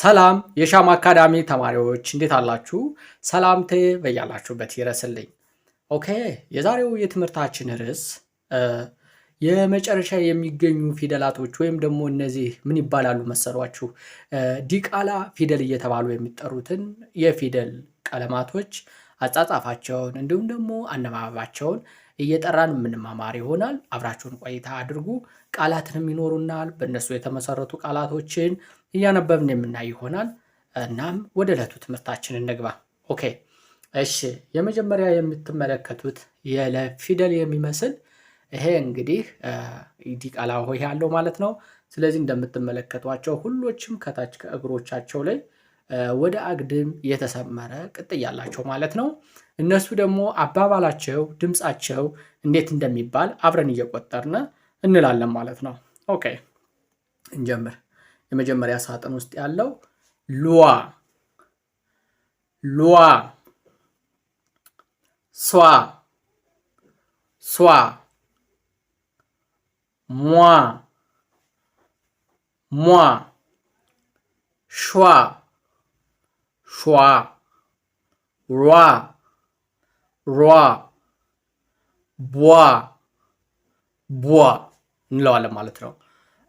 ሰላም የሻማ አካዳሚ ተማሪዎች እንዴት አላችሁ? ሰላምቴ በያላችሁበት ይረስልኝ። ኦኬ የዛሬው የትምህርታችን ርዕስ የመጨረሻ የሚገኙ ፊደላቶች ወይም ደግሞ እነዚህ ምን ይባላሉ መሰሏችሁ? ዲቃላ ፊደል እየተባሉ የሚጠሩትን የፊደል ቀለማቶች አጻጻፋቸውን እንዲሁም ደግሞ አነባበባቸውን እየጠራን የምንማማር ይሆናል። አብራችሁን ቆይታ አድርጉ። ቃላትንም ይኖሩናል። በእነሱ የተመሰረቱ ቃላቶችን እያነበብን የምናይ ይሆናል። እናም ወደ ዕለቱ ትምህርታችን እንግባ። ኦኬ እሺ፣ የመጀመሪያ የምትመለከቱት የለ ፊደል የሚመስል ይሄ እንግዲህ ዲቃላ ሆሄ ያለው ማለት ነው። ስለዚህ እንደምትመለከቷቸው ሁሎችም ከታች ከእግሮቻቸው ላይ ወደ አግድም የተሰመረ ቅጥ ያላቸው ማለት ነው። እነሱ ደግሞ አባባላቸው፣ ድምፃቸው እንዴት እንደሚባል አብረን እየቆጠርን እንላለን ማለት ነው። ኦኬ እንጀምር። የመጀመሪያ ሳጥን ውስጥ ያለው ሉዋ ሉዋ ሷ ሷ ሟ ሟ ሿ ሿ ሯ ሯ ቧ ቧ እንለዋለን ማለት ነው።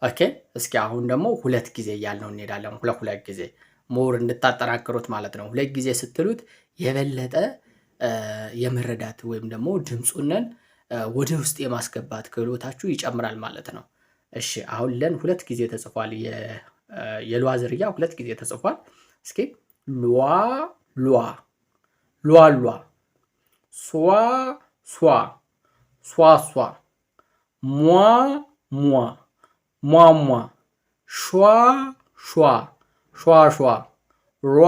ኦኬ እስኪ አሁን ደግሞ ሁለት ጊዜ እያልነው እንሄዳለን። ሁለ ሁለት ጊዜ ሞር እንድታጠናክሩት ማለት ነው። ሁለት ጊዜ ስትሉት የበለጠ የመረዳት ወይም ደግሞ ድምፁነን ወደ ውስጥ የማስገባት ክህሎታችሁ ይጨምራል ማለት ነው። እሺ አሁን ለን ሁለት ጊዜ ተጽፏል። የሉዋ ዝርያ ሁለት ጊዜ ተጽፏል። እስኪ ሉዋ ሉዋ ሉዋ ሉዋ ሷ ሷ ሷ ሷ ሟ ሟ ሟሟ ሿ ሿ ሿ ሿ ሯ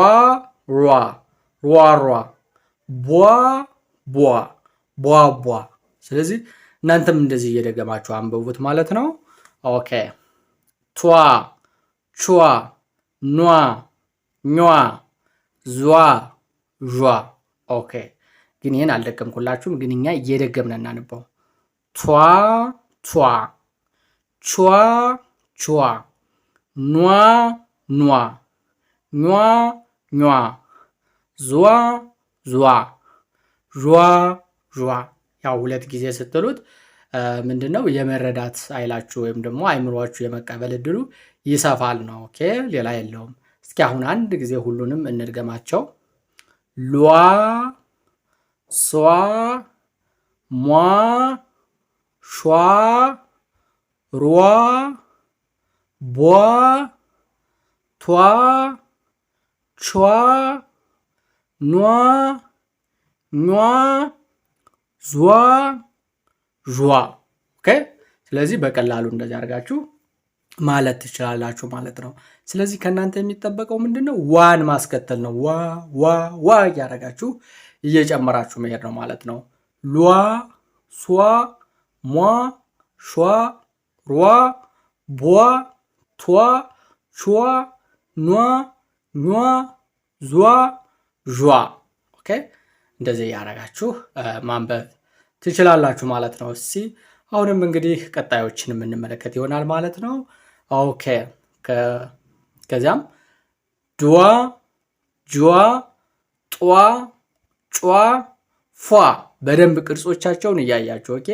ሯ ሯ ሯ ቧ ቧ ቧ ቧ ስለዚህ እናንተም እንደዚህ እየደገማችሁ አንብቡት ማለት ነው። ኦኬ ቷ ቿ ኗ ኟ ዟ ዟ ኦኬ ግን ይህን አልደገምኩላችሁም፣ ግን እኛ እየደገምን እናንበው ቷ ቷ ቹዋ ቹዋ ኗ ኗ ኟ ኟ ዙዋ ዙዋ ዟ ዟ ያው ሁለት ጊዜ ስትሉት ምንድን ነው የመረዳት አይላችሁ ወይም ደግሞ አይምሯችሁ የመቀበል እድሉ ይሰፋል ነው። ኦኬ ሌላ የለውም። እስኪ አሁን አንድ ጊዜ ሁሉንም እንድገማቸው። ሏ ሷ ሟ ሿ ሯ ቧ ቷ ቿ ኗ ኟ ዟ ዟ። ኦኬ። ስለዚህ በቀላሉ እንደዚህ አድርጋችሁ ማለት ትችላላችሁ ማለት ነው። ስለዚህ ከእናንተ የሚጠበቀው ምንድን ነው? ዋን ማስከተል ነው። ዋ ዋ ዋ እያደረጋችሁ እየጨመራችሁ መሄድ ነው ማለት ነው። ሏ ሷ ሟ ሿ ሯ፣ ቧ፣ ቷ፣ ቿ፣ ኗ፣ ኟ፣ ዟ፣ ዟ። ኦኬ እንደዚህ እያደረጋችሁ ማንበብ ትችላላችሁ ማለት ነው። እስቲ አሁንም እንግዲህ ቀጣዮችን የምንመለከት ይሆናል ማለት ነው። ኦኬ ከዚያም ድዋ፣ ጅዋ፣ ጧ፣ ጯ፣ ፏ በደንብ ቅርጾቻቸውን እያያችሁ ኦኬ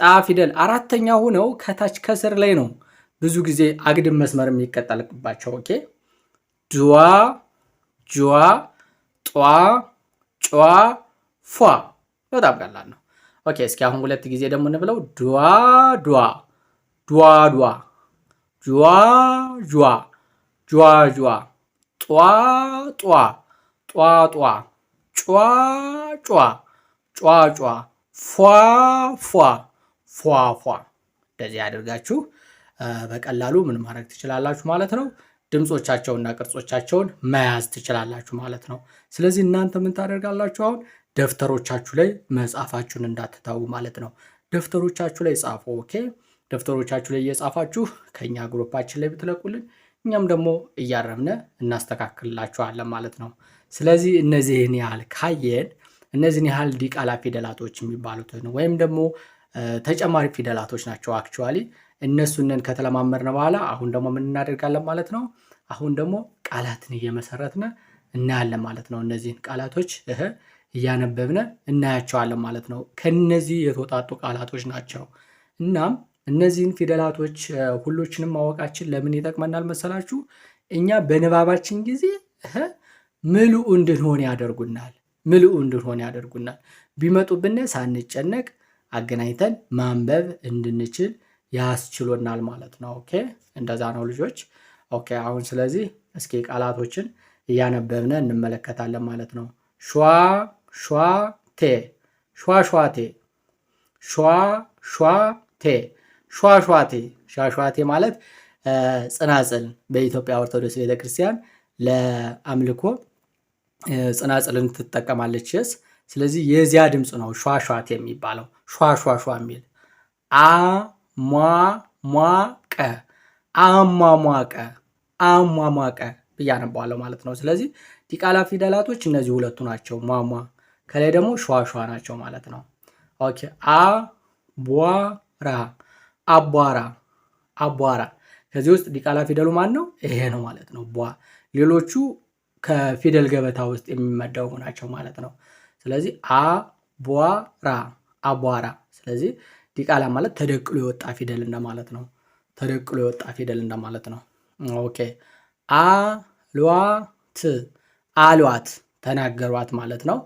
ጣ ፊደል አራተኛ ሆነው ከታች ከስር ላይ ነው ብዙ ጊዜ አግድም መስመር የሚቀጠልባቸው። ኦኬ ድዋ፣ ጅዋ፣ ጧ፣ ጫ፣ ፏ በጣም ቀላል ነው። ኦኬ እስኪ አሁን ሁለት ጊዜ ደግሞ እንብለው። ድዋ ድዋ ድዋ ድዋ ጅዋ ጅዋ ጅዋ ጅዋ ጧ ጧ ጧ ጧ ጫ ጫ ጫ ጫ ፏ ፏ ፏፏ እንደዚህ ያደርጋችሁ በቀላሉ ምን ማድረግ ትችላላችሁ ማለት ነው። ድምፆቻቸውና ቅርጾቻቸውን መያዝ ትችላላችሁ ማለት ነው። ስለዚህ እናንተ ምን ታደርጋላችሁ? አሁን ደብተሮቻችሁ ላይ መጻፋችሁን እንዳትታው ማለት ነው። ደብተሮቻችሁ ላይ ጻፉ። ኦኬ፣ ደብተሮቻችሁ ላይ እየጻፋችሁ ከኛ ግሩፓችን ላይ ብትለቁልን እኛም ደግሞ እያረምነ እናስተካክልላችኋለን ማለት ነው። ስለዚህ እነዚህን ያህል ካየን እነዚህን ያህል ዲቃላ ፊደላቶች የሚባሉትን ወይም ደግሞ ተጨማሪ ፊደላቶች ናቸው። አክቹዋሊ እነሱንን ከተለማመድን በኋላ አሁን ደግሞ ምን እናደርጋለን ማለት ነው። አሁን ደግሞ ቃላትን እየመሰረትን እናያለን ማለት ነው። እነዚህን ቃላቶች እህ እያነበብነ እናያቸዋለን ማለት ነው። ከነዚህ የተወጣጡ ቃላቶች ናቸው። እናም እነዚህን ፊደላቶች ሁሎችንም ማወቃችን ለምን ይጠቅመናል መሰላችሁ? እኛ በንባባችን ጊዜ ምልኡ እንድንሆን ያደርጉናል። ምልኡ እንድንሆን ያደርጉናል። ቢመጡብን ሳንጨነቅ አገናኝተን ማንበብ እንድንችል ያስችሎናል ማለት ነው። ኦኬ እንደዛ ነው ልጆች። ኦኬ አሁን ስለዚህ እስኪ ቃላቶችን እያነበብነ እንመለከታለን ማለት ነው። ሿ ሿ ቴ ሿ ሿ ቴ ሿ ሿ ቴ ሿ ሿ ቴ ሿ ሿ ቴ ማለት ጽናጽል በኢትዮጵያ ኦርቶዶክስ ቤተክርስቲያን ለአምልኮ ጽናጽልን ትጠቀማለች ስ ስለዚህ የዚያ ድምፅ ነው ሿሿት የሚባለው ሸዋሸዋሸዋ የሚል አሟሟቀ አሟሟቀ አሟሟቀ ብዬ ማለት ነው። ስለዚህ ዲቃላ ፊደላቶች እነዚህ ሁለቱ ናቸው። ሟሟ ከላይ ደግሞ ሸዋሸዋ ናቸው ማለት ነው። ኦኬ አቧራ አቧራ አቧራ ከዚህ ውስጥ ዲቃላ ፊደሉ ማን ነው? ይሄ ነው ማለት ነው። ቧ ሌሎቹ ከፊደል ገበታ ውስጥ የሚመደቡ ናቸው ማለት ነው። ስለዚህ አቧራ አቧራ። ስለዚህ ዲቃላ ማለት ተደቅሎ የወጣ ፊደል እንደማለት ነው። ተደቅሎ የወጣ ፊደል እንደማለት ነው። ኦኬ አሏት አሏት ተናገሯት ማለት ነው።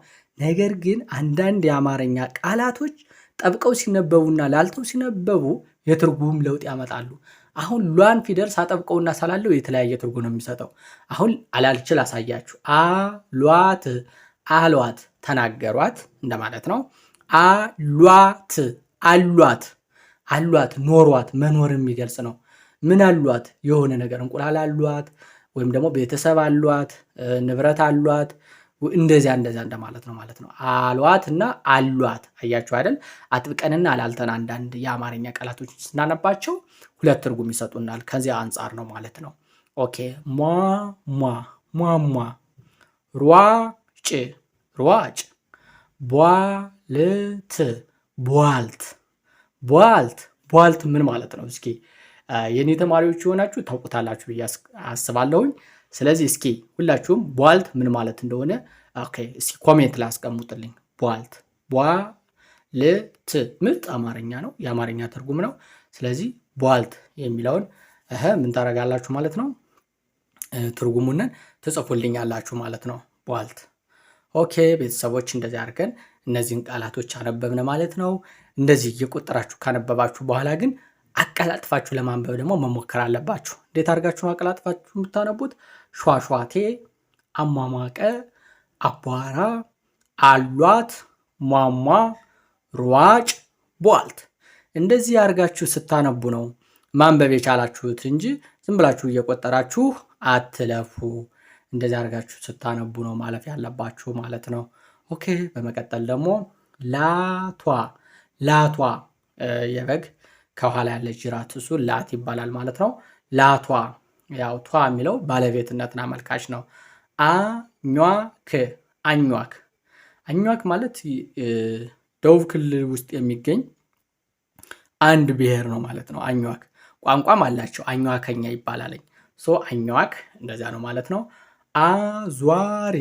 ነገር ግን አንዳንድ የአማርኛ ቃላቶች ጠብቀው ሲነበቡና ላልተው ሲነበቡ የትርጉም ለውጥ ያመጣሉ። አሁን ሏን ፊደል ሳጠብቀውና ሳላለው የተለያየ ትርጉም ነው የሚሰጠው። አሁን አላልችል አሳያችሁ። አሏት አሏት ተናገሯት እንደማለት ነው። አሏት አሏት አሏት ኖሯት መኖር የሚገልጽ ነው። ምን አሏት? የሆነ ነገር እንቁላል አሏት፣ ወይም ደግሞ ቤተሰብ አሏት፣ ንብረት አሏት፣ እንደዚያ እንደዚያ እንደማለት ነው ማለት ነው። አሏት እና አሏት አያችሁ አይደል? አጥብቀንና አላልተን አንዳንድ የአማርኛ ቃላቶች ስናነባቸው ሁለት ትርጉም ይሰጡናል። ከዚያ አንጻር ነው ማለት ነው። ኦኬ ሟሟ ሟሟ ሯ ጭ ሯጭ ቧልት ቧልት ቧልት ቧልት ምን ማለት ነው? እስኪ የእኔ ተማሪዎች የሆናችሁ ታውቁታላችሁ ብዬ አስባለሁኝ። ስለዚህ እስኪ ሁላችሁም ቧልት ምን ማለት እንደሆነ እስኪ ኮሜንት ላይ አስቀምጡልኝ። ቧልት ቧልት ምርጥ አማርኛ ነው፣ የአማርኛ ትርጉም ነው። ስለዚህ ቧልት የሚለውን እህ ምን ታደርጋላችሁ ማለት ነው ትርጉሙንን ትጽፉልኛላችሁ ማለት ነው ቧልት ኦኬ ቤተሰቦች እንደዚህ አድርገን እነዚህን ቃላቶች አነበብን ማለት ነው። እንደዚህ እየቆጠራችሁ ካነበባችሁ በኋላ ግን አቀላጥፋችሁ ለማንበብ ደግሞ መሞከር አለባችሁ። እንዴት አድርጋችሁ አቀላጥፋችሁ የምታነቡት? ሿሿቴ፣ አሟሟቀ፣ አቧራ፣ አሏት፣ ሟሟ፣ ሯጭ፣ ቧልት እንደዚህ አድርጋችሁ ስታነቡ ነው ማንበብ የቻላችሁት እንጂ ዝም ብላችሁ እየቆጠራችሁ አትለፉ። እንደዚህ አድርጋችሁ ስታነቡ ነው ማለፍ ያለባችሁ ማለት ነው። ኦኬ። በመቀጠል ደግሞ ላቷ ላቷ የበግ ከኋላ ያለች ጅራት እሱ ላት ይባላል ማለት ነው። ላቷ ያው ቷ የሚለው ባለቤትነትን አመልካች ነው። አኟክ አኟክ አኟክ ማለት ደቡብ ክልል ውስጥ የሚገኝ አንድ ብሔር ነው ማለት ነው። አኟክ ቋንቋም አላቸው። አኟከኛ ይባላለኝ ሶ አኟክ እንደዚያ ነው ማለት ነው። አዟሪ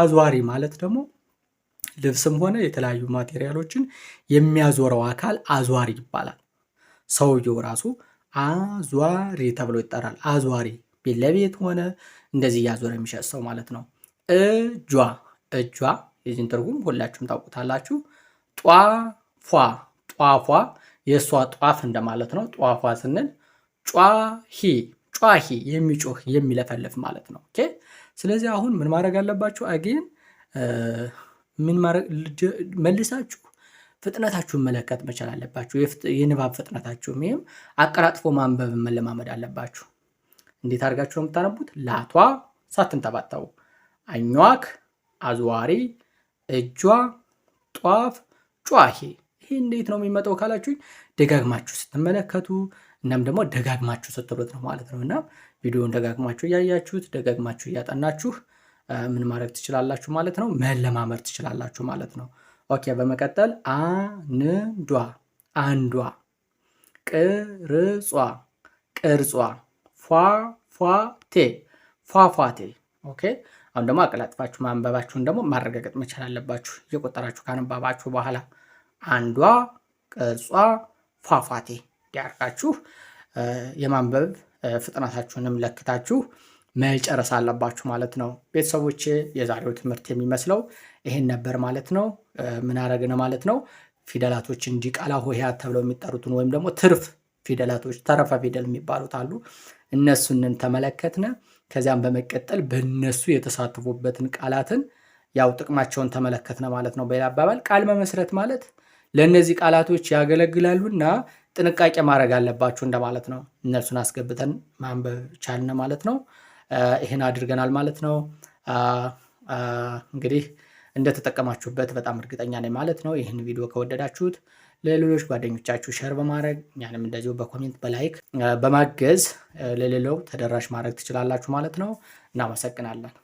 አዟሪ ማለት ደግሞ ልብስም ሆነ የተለያዩ ማቴሪያሎችን የሚያዞረው አካል አዟሪ ይባላል። ሰውየው ራሱ አዟሪ ተብሎ ይጠራል። አዟሪ ቤት ለቤት ሆነ እንደዚህ እያዞረ የሚሸጥ ሰው ማለት ነው። እጇ እጇ የዚህን ትርጉም ሁላችሁም ታውቁታላችሁ። ጧፏ ጧፏ የእሷ ጧፍ እንደማለት ነው። ጧፏ ስንል ጯሂ ጯሂ የሚጮህ የሚለፈልፍ ማለት ነው። ኦኬ ስለዚህ አሁን ምን ማድረግ አለባችሁ? አጌን ምን መልሳችሁ ፍጥነታችሁን መለከት መቻል አለባችሁ። የንባብ ፍጥነታችሁ ይህም አቀላጥፎ ማንበብ መለማመድ አለባችሁ። እንዴት አድርጋችሁ ነው የምታነቡት? ላቷ ሳትንጠባጠቡ፣ አኟክ፣ አዝዋሪ፣ እጇ፣ ጧፍ፣ ጯሄ። ይህ እንዴት ነው የሚመጣው ካላችሁኝ ደጋግማችሁ ስትመለከቱ እናም ደግሞ ደጋግማችሁ ስትሉት ነው ማለት ነው። እና ቪዲዮውን ደጋግማችሁ እያያችሁት ደጋግማችሁ እያጠናችሁ ምን ማድረግ ትችላላችሁ ማለት ነው፣ መለማመድ ትችላላችሁ ማለት ነው። ኦኬ፣ በመቀጠል አንዷ፣ አንዷ፣ ቅርጿ፣ ቅርጿ፣ ፏፏቴ፣ ፏፏቴ። ኦኬ፣ አሁን ደግሞ አቀላጥፋችሁ ማንበባችሁን ደግሞ ማረጋገጥ መቻል አለባችሁ እየቆጠራችሁ ካንባባችሁ በኋላ አንዷ፣ ቅርጿ፣ ፏፏቴ እንዲያርጋችሁ የማንበብ ፍጥነታችሁንም ለክታችሁ መጨረስ አለባችሁ ማለት ነው። ቤተሰቦች የዛሬው ትምህርት የሚመስለው ይሄን ነበር ማለት ነው። ምን አረግን ማለት ነው? ፊደላቶች እንዲቃላ ሆሄያት ተብለው የሚጠሩትን ወይም ደግሞ ትርፍ ፊደላቶች ተረፈ ፊደል የሚባሉት አሉ። እነሱንን ተመለከትነ። ከዚያም በመቀጠል በእነሱ የተሳተፉበትን ቃላትን ያው ጥቅማቸውን ተመለከትነ ማለት ነው። በሌላ አባባል ቃል መመስረት ማለት ለእነዚህ ቃላቶች ያገለግላሉና ጥንቃቄ ማድረግ አለባችሁ እንደማለት ነው። እነርሱን አስገብተን ማንበብ ቻልን ማለት ነው። ይህን አድርገናል ማለት ነው። እንግዲህ እንደተጠቀማችሁበት በጣም እርግጠኛ ነኝ ማለት ነው። ይህን ቪዲዮ ከወደዳችሁት ለሌሎች ጓደኞቻችሁ ሸር በማድረግ እኛንም እንደዚሁ በኮሜንት በላይክ በማገዝ ለሌለው ተደራሽ ማድረግ ትችላላችሁ ማለት ነው። እናመሰግናለን።